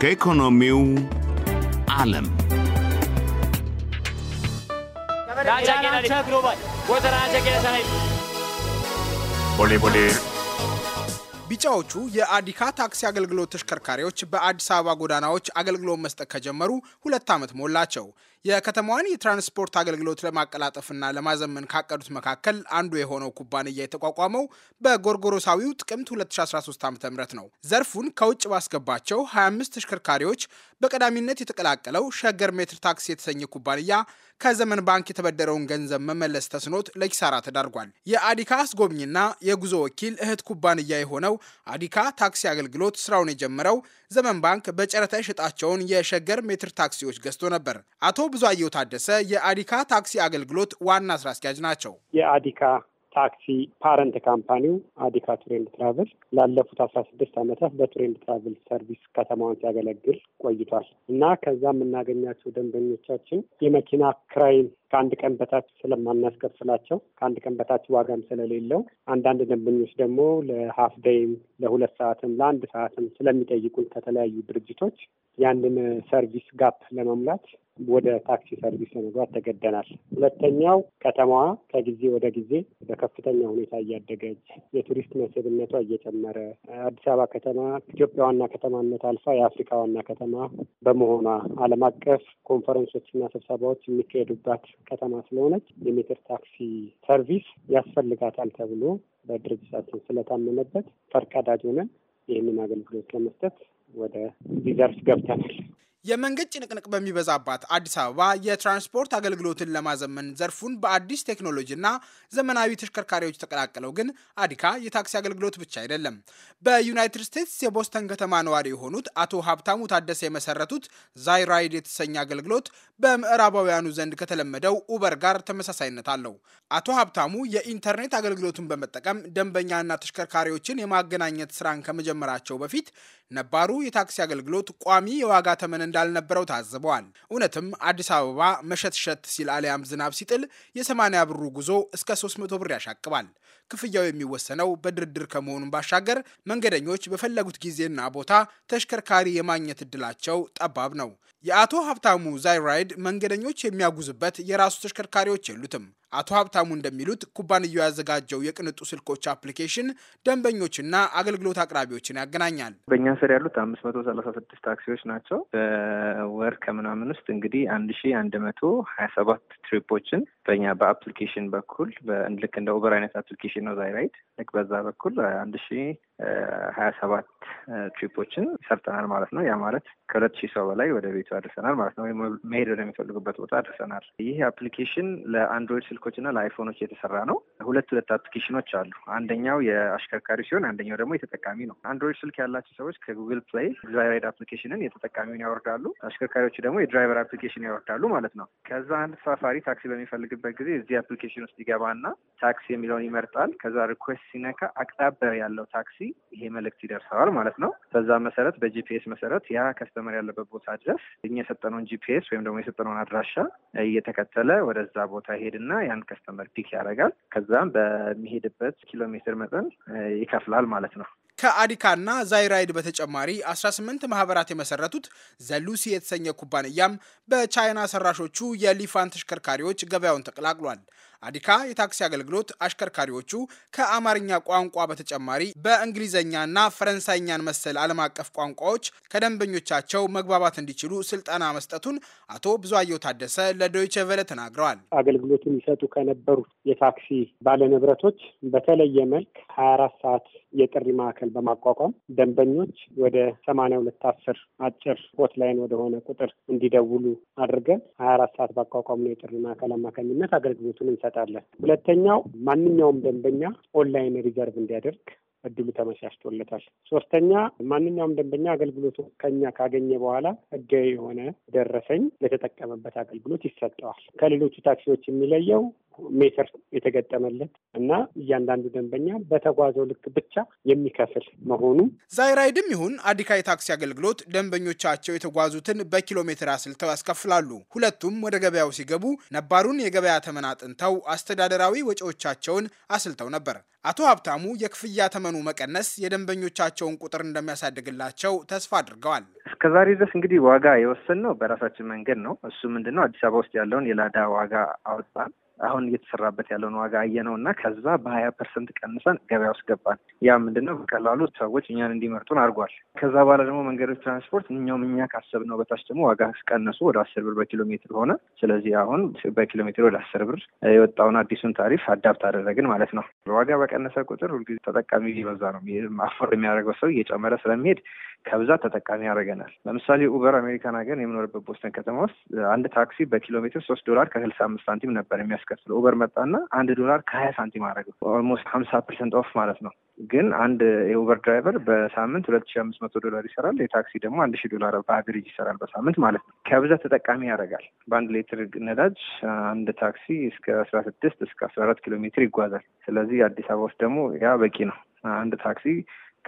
ከኢኮኖሚው ዓለም ፖሌ ፖሌ ቢጫዎቹ የአዲካ ታክሲ አገልግሎት ተሽከርካሪዎች በአዲስ አበባ ጎዳናዎች አገልግሎት መስጠት ከጀመሩ ሁለት ዓመት ሞላቸው። የከተማዋን የትራንስፖርት አገልግሎት ለማቀላጠፍና ለማዘመን ካቀዱት መካከል አንዱ የሆነው ኩባንያ የተቋቋመው በጎርጎሮሳዊው ጥቅምት 2013 ዓ.ም ነው። ዘርፉን ከውጭ ባስገባቸው 25 ተሽከርካሪዎች በቀዳሚነት የተቀላቀለው ሸገር ሜትር ታክስ የተሰኘ ኩባንያ ከዘመን ባንክ የተበደረውን ገንዘብ መመለስ ተስኖት ለኪሳራ ተዳርጓል። የአዲካ አስጎብኝና የጉዞ ወኪል እህት ኩባንያ የሆነው አዲካ ታክሲ አገልግሎት ስራውን የጀመረው ዘመን ባንክ በጨረታ የሸጣቸውን የሸገር ሜትር ታክሲዎች ገዝቶ ነበር። አቶ ብዙአየሁ ታደሰ የአዲካ ታክሲ አገልግሎት ዋና ስራ አስኪያጅ ናቸው። የአዲካ ታክሲ ፓረንት ካምፓኒው አዲካ ቱሬንድ ትራቭል ላለፉት አስራ ስድስት ዓመታት በቱሬንድ ትራቭል ሰርቪስ ከተማዋን ሲያገለግል ቆይቷል እና ከዛ የምናገኛቸው ደንበኞቻችን የመኪና ክራይን ከአንድ ቀን በታች ስለማናስከፍላቸው ከአንድ ቀን በታች ዋጋም ስለሌለው አንዳንድ ደንበኞች ደግሞ ለሀፍ ደይም ለሁለት ሰዓትም ለአንድ ሰዓትም ስለሚጠይቁን ከተለያዩ ድርጅቶች ያንን ሰርቪስ ጋፕ ለመሙላት ወደ ታክሲ ሰርቪስ ለመግባት ተገደናል። ሁለተኛው ከተማዋ ከጊዜ ወደ ጊዜ በከፍተኛ ሁኔታ እያደገች የቱሪስት መስህብነቷ እየጨመረ አዲስ አበባ ከተማ ኢትዮጵያ ዋና ከተማነት አልፋ የአፍሪካ ዋና ከተማ በመሆኗ ዓለም አቀፍ ኮንፈረንሶችና ስብሰባዎች የሚካሄዱባት ከተማ ስለሆነች የሜትር ታክሲ ሰርቪስ ያስፈልጋታል ተብሎ በድርጅታችን ስለታመነበት ፈርቀዳጅ ሆነን ይህንን አገልግሎት ለመስጠት ወደ ሪዘርቭ ገብተናል። የመንገድ ጭንቅንቅ በሚበዛባት አዲስ አበባ የትራንስፖርት አገልግሎትን ለማዘመን ዘርፉን በአዲስ ቴክኖሎጂና ዘመናዊ ተሽከርካሪዎች ተቀላቀለው ግን አዲካ የታክሲ አገልግሎት ብቻ አይደለም። በዩናይትድ ስቴትስ የቦስተን ከተማ ነዋሪ የሆኑት አቶ ሀብታሙ ታደሰ የመሰረቱት ዛይራይድ የተሰኘ አገልግሎት በምዕራባውያኑ ዘንድ ከተለመደው ኡበር ጋር ተመሳሳይነት አለው። አቶ ሀብታሙ የኢንተርኔት አገልግሎቱን በመጠቀም ደንበኛና ተሽከርካሪዎችን የማገናኘት ስራን ከመጀመራቸው በፊት ነባሩ የታክሲ አገልግሎት ቋሚ የዋጋ ተመነ። እንዳልነበረው ታዝበዋል። እውነትም አዲስ አበባ መሸትሸት ሲል አሊያም ዝናብ ሲጥል የ ብሩ ጉዞ እስከ 300 ብር ያሻቅባል። ክፍያው የሚወሰነው በድርድር ከመሆኑን ባሻገር መንገደኞች በፈለጉት ጊዜና ቦታ ተሽከርካሪ የማግኘት እድላቸው ጠባብ ነው። የአቶ ሀብታሙ ዛይራይድ መንገደኞች የሚያጉዝበት የራሱ ተሽከርካሪዎች የሉትም። አቶ ሀብታሙ እንደሚሉት ኩባንያው ያዘጋጀው የቅንጡ ስልኮች አፕሊኬሽን ደንበኞችና አገልግሎት አቅራቢዎችን ያገናኛል። በእኛ ስር ያሉት አምስት መቶ ሰላሳ ስድስት ታክሲዎች ናቸው። በወር ከምናምን ውስጥ እንግዲህ አንድ ሺ አንድ መቶ ሀያ ሰባት ትሪፖችን በእኛ በአፕሊኬሽን በኩል ልክ እንደ ኡበር አይነት አፕሊኬሽን ነው ዛይራይድ ልክ በዛ በኩል አንድ ሺ ሀያ ሰባት ትሪፖችን ሰርተናል ማለት ነው። ያ ማለት ከሁለት ሺህ ሰው በላይ ወደ ቤቱ አድርሰናል ማለት ነው። ወይም መሄድ ወደሚፈልጉበት ቦታ አድርሰናል። ይህ አፕሊኬሽን ለአንድሮይድ ስልክ ለስልኮች እና ለአይፎኖች የተሰራ ነው። ሁለት ሁለት አፕሊኬሽኖች አሉ። አንደኛው የአሽከርካሪ ሲሆን፣ አንደኛው ደግሞ የተጠቃሚ ነው። አንድሮይድ ስልክ ያላቸው ሰዎች ከጉግል ፕሌይ ድራይቨር አፕሊኬሽንን የተጠቃሚውን ያወርዳሉ። አሽከርካሪዎች ደግሞ የድራይቨር አፕሊኬሽን ያወርዳሉ ማለት ነው። ከዛ አንድ ተሳፋሪ ታክሲ በሚፈልግበት ጊዜ እዚህ አፕሊኬሽን ውስጥ ይገባና ታክሲ የሚለውን ይመርጣል። ከዛ ሪኩዌስት ሲነካ አቅጣበር ያለው ታክሲ ይሄ መልእክት ይደርሰዋል ማለት ነው። በዛ መሰረት በጂፒኤስ መሰረት ያ ከስተመር ያለበት ቦታ ድረስ እኛ የሰጠነውን ጂፒኤስ ወይም ደግሞ የሰጠነውን አድራሻ እየተከተለ ወደዛ ቦታ ይሄድና ያን ከስተመር ፒክ ያደርጋል። ከዛም በሚሄድበት ኪሎ ሜትር መጠን ይከፍላል ማለት ነው። ከአዲካና ዛይራይድ በተጨማሪ 18 ማህበራት የመሰረቱት ዘሉሲ የተሰኘ ኩባንያም በቻይና ሰራሾቹ የሊፋን ተሽከርካሪዎች ገበያውን ተቀላቅሏል። አዲካ የታክሲ አገልግሎት አሽከርካሪዎቹ ከአማርኛ ቋንቋ በተጨማሪ በእንግሊዝኛና ፈረንሳይኛን መሰል ዓለም አቀፍ ቋንቋዎች ከደንበኞቻቸው መግባባት እንዲችሉ ስልጠና መስጠቱን አቶ ብዙየው ታደሰ ለዶይቼ ቬለ ተናግረዋል። አገልግሎቱን የሚሰጡ ከነበሩት የታክሲ ባለንብረቶች በተለየ መልክ 24 ሰዓት የጥሪ ማዕከል ማዕከል በማቋቋም ደንበኞች ወደ ሰማንያ ሁለት አስር አጭር ሆት ላይን ወደሆነ ቁጥር እንዲደውሉ አድርገን ሀያ አራት ሰዓት ባቋቋምነው የጥሪ ማዕከል አማካኝነት አገልግሎቱን እንሰጣለን። ሁለተኛው ማንኛውም ደንበኛ ኦንላይን ሪዘርቭ እንዲያደርግ እድሉ ተመቻችቶለታል። ሶስተኛ ማንኛውም ደንበኛ አገልግሎቱ ከኛ ካገኘ በኋላ ህጋዊ የሆነ ደረሰኝ ለተጠቀመበት አገልግሎት ይሰጠዋል። ከሌሎቹ ታክሲዎች የሚለየው ሜትር የተገጠመለት እና እያንዳንዱ ደንበኛ በተጓዘው ልክ ብቻ የሚከፍል መሆኑ ዛይራይድም ይሁን አዲካ የታክሲ አገልግሎት ደንበኞቻቸው የተጓዙትን በኪሎ ሜትር አስልተው ያስከፍላሉ። ሁለቱም ወደ ገበያው ሲገቡ ነባሩን የገበያ ተመን አጥንተው አስተዳደራዊ ወጪዎቻቸውን አስልተው ነበር። አቶ ሀብታሙ የክፍያ ተመኑ መቀነስ የደንበኞቻቸውን ቁጥር እንደሚያሳድግላቸው ተስፋ አድርገዋል። እስከዛሬ ድረስ እንግዲህ ዋጋ ነው በራሳችን መንገድ ነው። እሱ ምንድነው አዲስ አበባ ውስጥ ያለውን የላዳ ዋጋ አወጣን። አሁን እየተሰራበት ያለውን ዋጋ ነው እና ከዛ በሀያ ፐርሰንት ቀንሰን ገበያ ውስጥ ገባን። ያ ምንድነው በቀላሉ ሰዎች እኛን እንዲመርጡን አድርጓል። ከዛ በኋላ ደግሞ መንገዶች ትራንስፖርት እኛውም እኛ ካሰብነው በታች ደግሞ ዋጋ ቀነሱ ወደ አስር ብር በኪሎ ሜትር ሆነ። ስለዚህ አሁን በኪሎ ሜትር ወደ አስር ብር የወጣውን አዲሱን ታሪፍ አዳፕት አደረግን ማለት ነው። ዋጋ በቀነሰ ቁጥር ሁልጊዜ ተጠቃሚ እየበዛ ነው። አፈር የሚያደርገው ሰው እየጨመረ ስለሚሄድ ከብዛት ተጠቃሚ ያደርገናል። ለምሳሌ ኡበር አሜሪካን ሀገር የምኖርበት ቦስተን ከተማ ውስጥ አንድ ታክሲ በኪሎ ሜትር ሶስት ዶላር ከስልሳ አምስት ሳንቲም ነበር የሚያስ አስከፍል ኡበር መጣና አንድ ዶላር ከሀያ ሳንቲም አደረገው። ኦልሞስት ሀምሳ ፐርሰንት ኦፍ ማለት ነው። ግን አንድ የኡበር ድራይቨር በሳምንት ሁለት ሺ አምስት መቶ ዶላር ይሰራል። የታክሲ ደግሞ አንድ ሺ ዶላር በአቨሬጅ ይሰራል በሳምንት ማለት ነው። ከብዛት ተጠቃሚ ያደርጋል። በአንድ ሌትር ነዳጅ አንድ ታክሲ እስከ አስራ ስድስት እስከ አስራ አራት ኪሎ ሜትር ይጓዛል። ስለዚህ አዲስ አበባ ውስጥ ደግሞ ያ በቂ ነው። አንድ ታክሲ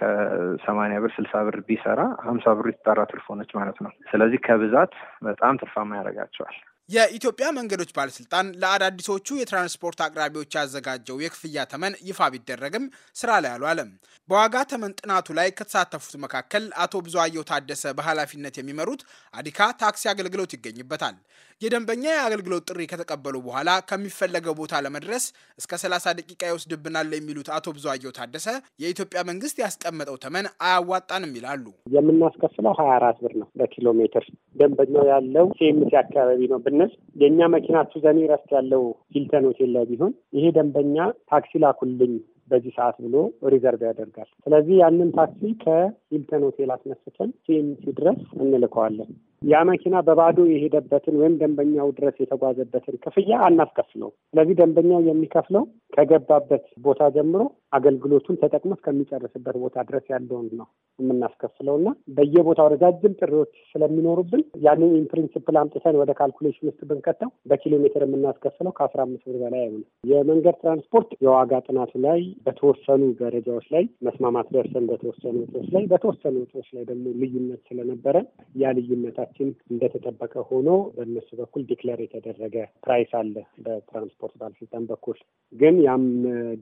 ከሰማኒያ ብር ስልሳ ብር ቢሰራ ሀምሳ ብሩ የተጣራ ትርፍ ማለት ነው። ስለዚህ ከብዛት በጣም ትርፋማ ያደርጋቸዋል። የኢትዮጵያ መንገዶች ባለስልጣን ለአዳዲሶቹ የትራንስፖርት አቅራቢዎች ያዘጋጀው የክፍያ ተመን ይፋ ቢደረግም ስራ ላይ አልዋለም። በዋጋ ተመን ጥናቱ ላይ ከተሳተፉት መካከል አቶ ብዙአየሁ ታደሰ በኃላፊነት የሚመሩት አዲካ ታክሲ አገልግሎት ይገኝበታል። የደንበኛ የአገልግሎት ጥሪ ከተቀበሉ በኋላ ከሚፈለገው ቦታ ለመድረስ እስከ 30 ደቂቃ ይወስድብናል የሚሉት አቶ ብዙአየሁ ታደሰ የኢትዮጵያ መንግስት ያስቀመጠው ተመን አያዋጣንም ይላሉ። የምናስከፍለው 24 ብር ነው በኪሎ ሜትር። ደንበኛው ያለው ሴምት አካባቢ ነው ሲቀንስ የእኛ መኪና ቱዘኔ ረስት ያለው ሂልተን ሆቴል ላይ ቢሆን ይሄ ደንበኛ ታክሲ ላኩልኝ በዚህ ሰዓት ብሎ ሪዘርቭ ያደርጋል። ስለዚህ ያንን ታክሲ ከሂልተን ሆቴል አስነስተን ሲኤምሲ ድረስ እንልከዋለን። ያ መኪና በባዶ የሄደበትን ወይም ደንበኛው ድረስ የተጓዘበትን ክፍያ አናስከፍለው። ስለዚህ ደንበኛው የሚከፍለው ከገባበት ቦታ ጀምሮ አገልግሎቱን ተጠቅሞ እስከሚጨርስበት ቦታ ድረስ ያለውን ነው የምናስከፍለው እና በየቦታው ረጃጅም ጥሪዎች ስለሚኖሩብን ያንን ኢንፕሪንሲፕል አምጥተን ወደ ካልኩሌሽን ውስጥ ብንከተው በኪሎ ሜትር የምናስከፍለው ከአስራ አምስት ብር በላይ አይሆንም። የመንገድ ትራንስፖርት የዋጋ ጥናቱ ላይ በተወሰኑ ደረጃዎች ላይ መስማማት ደርሰን በተወሰኑ ወጪዎች ላይ በተወሰኑ ወጪዎች ላይ ደግሞ ልዩነት ስለነበረ ያ ልዩነት ፕራይሳችን እንደተጠበቀ ሆኖ በእነሱ በኩል ዲክለር የተደረገ ፕራይስ አለ በትራንስፖርት ባለስልጣን በኩል ግን ያም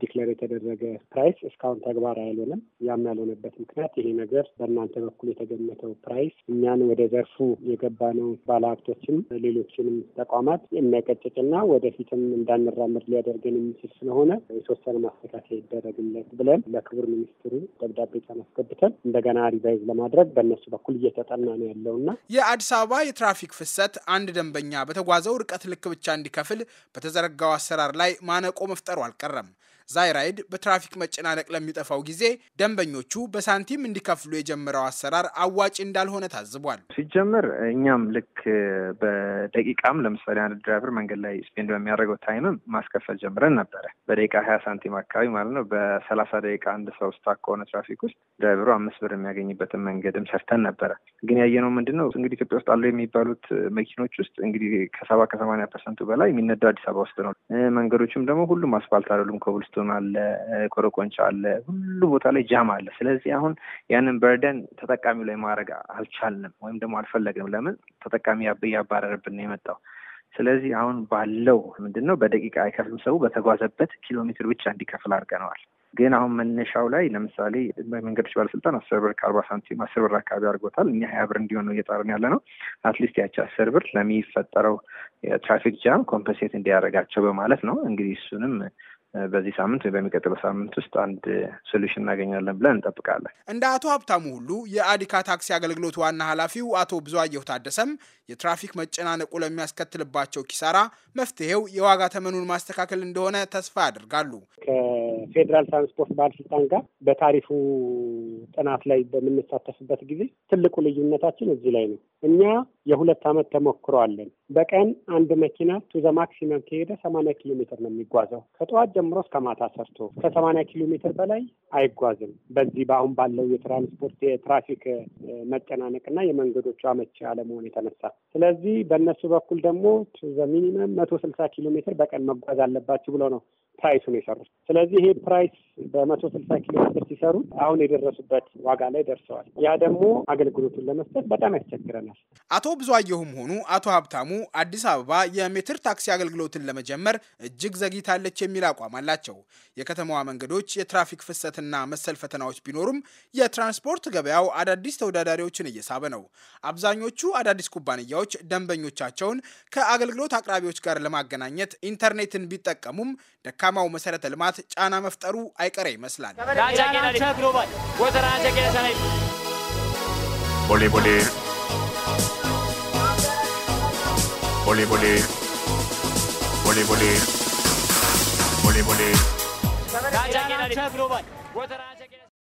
ዲክለር የተደረገ ፕራይስ እስካሁን ተግባር አይልንም። ያም ያልሆነበት ምክንያት ይሄ ነገር በእናንተ በኩል የተገመተው ፕራይስ እኛን ወደ ዘርፉ የገባነው ባለሀብቶችም ሌሎችንም ተቋማት የሚያቀጭጭና ወደፊትም እንዳንራመድ ሊያደርገን የሚችል ስለሆነ የተወሰነ ማስተካከያ ይደረግለት ብለን ለክቡር ሚኒስትሩ ደብዳቤ ጫን አስገብተን እንደገና ሪቫይዝ ለማድረግ በእነሱ በኩል እየተጠና ነው ያለውና በአዲስ አበባ የትራፊክ ፍሰት አንድ ደንበኛ በተጓዘው ርቀት ልክ ብቻ እንዲከፍል በተዘረጋው አሰራር ላይ ማነቆ መፍጠሩ አልቀረም። ዛይራይድ በትራፊክ መጨናነቅ ለሚጠፋው ጊዜ ደንበኞቹ በሳንቲም እንዲከፍሉ የጀመረው አሰራር አዋጭ እንዳልሆነ ታዝቧል። ሲጀምር እኛም ልክ በደቂቃም ለምሳሌ አንድ ድራይቨር መንገድ ላይ ስፔንድ በሚያደርገው ታይምም ማስከፈል ጀምረን ነበረ። በደቂቃ ሀያ ሳንቲም አካባቢ ማለት ነው። በሰላሳ ደቂቃ አንድ ሰው ስታክ ከሆነ ትራፊክ ውስጥ ድራይቨሩ አምስት ብር የሚያገኝበትን መንገድም ሰርተን ነበረ። ግን ያየነው ምንድን ነው እንግዲህ ኢትዮጵያ ውስጥ አሉ የሚባሉት መኪኖች ውስጥ እንግዲህ ከሰባ ከሰማኒያ ፐርሰንቱ በላይ የሚነዳው አዲስ አበባ ውስጥ ነው። መንገዶችም ደግሞ ሁሉም አስፋልት አይደሉም። ከሁል ሂውስተን አለ፣ ኮረቆንቻ አለ፣ ሁሉ ቦታ ላይ ጃም አለ። ስለዚህ አሁን ያንን በርደን ተጠቃሚ ላይ ማድረግ አልቻልንም ወይም ደግሞ አልፈለግንም። ለምን ተጠቃሚ እያባረረብን ነው የመጣው። ስለዚህ አሁን ባለው ምንድን ነው በደቂቃ አይከፍልም። ሰው በተጓዘበት ኪሎ ሜትር ብቻ እንዲከፍል አድርገነዋል። ግን አሁን መነሻው ላይ ለምሳሌ በመንገዶች ባለስልጣን አስር ብር ከአርባ ሳንቲም አስር ብር አካባቢ አድርጎታል። እኛ ሀያ ብር እንዲሆን ነው እየጣርን ያለ ነው። አትሊስት ያቺ አስር ብር ለሚፈጠረው የትራፊክ ጃም ኮምፐንሴት እንዲያደርጋቸው በማለት ነው። እንግዲህ እሱንም በዚህ ሳምንት ወይ በሚቀጥለው ሳምንት ውስጥ አንድ ሶሉሽን እናገኛለን ብለን እንጠብቃለን። እንደ አቶ ሀብታሙ ሁሉ የአዲካ ታክሲ አገልግሎት ዋና ኃላፊው አቶ ብዙአየሁ ታደሰም የትራፊክ መጨናነቁ ለሚያስከትልባቸው ኪሳራ መፍትሄው የዋጋ ተመኑን ማስተካከል እንደሆነ ተስፋ ያደርጋሉ። ከፌዴራል ትራንስፖርት ባለስልጣን ጋር በታሪፉ ጥናት ላይ በምንሳተፍበት ጊዜ ትልቁ ልዩነታችን እዚህ ላይ ነው። እኛ የሁለት ዓመት ተሞክሮ አለን። በቀን አንድ መኪና ቱዘ ማክሲመም ከሄደ ሰማንያ ኪሎ ሜትር ነው የሚጓዘው ከጠዋት ጀምሮ እስከ ማታ ሰርቶ ከሰማንያ ኪሎ ሜትር በላይ አይጓዝም። በዚህ በአሁን ባለው የትራንስፖርት የትራፊክ መጨናነቅ እና የመንገዶቹ አመቺ አለመሆን የተነሳ ስለዚህ በእነሱ በኩል ደግሞ ቱዘ ሚኒመም መቶ ስልሳ ኪሎ ሜትር በቀን መጓዝ አለባችሁ ብለው ነው ፕራይሱን የሰሩት። ስለዚህ ፕራይስ በመቶ ስልሳ ኪሎ ሜትር ሲሰሩ አሁን የደረሱበት ዋጋ ላይ ደርሰዋል። ያ ደግሞ አገልግሎቱን ለመስጠት በጣም ያስቸግረናል። አቶ አየሁም ሆኑ አቶ ሀብታሙ አዲስ አበባ የሜትር ታክሲ አገልግሎትን ለመጀመር እጅግ ዘግይታለች የሚል አቋም አላቸው። የከተማዋ መንገዶች የትራፊክ ፍሰትና መሰል ፈተናዎች ቢኖሩም የትራንስፖርት ገበያው አዳዲስ ተወዳዳሪዎችን እየሳበ ነው። አብዛኞቹ አዳዲስ ኩባንያዎች ደንበኞቻቸውን ከአገልግሎት አቅራቢዎች ጋር ለማገናኘት ኢንተርኔትን ቢጠቀሙም ደካማው መሰረተ ልማት ጫና መፍጠሩ አይቀሬ ይመስላል። ቦሌ ቦሌ ቦሌ ቦሌ ቦሌ ቦሌ ቦሌ ቦሌ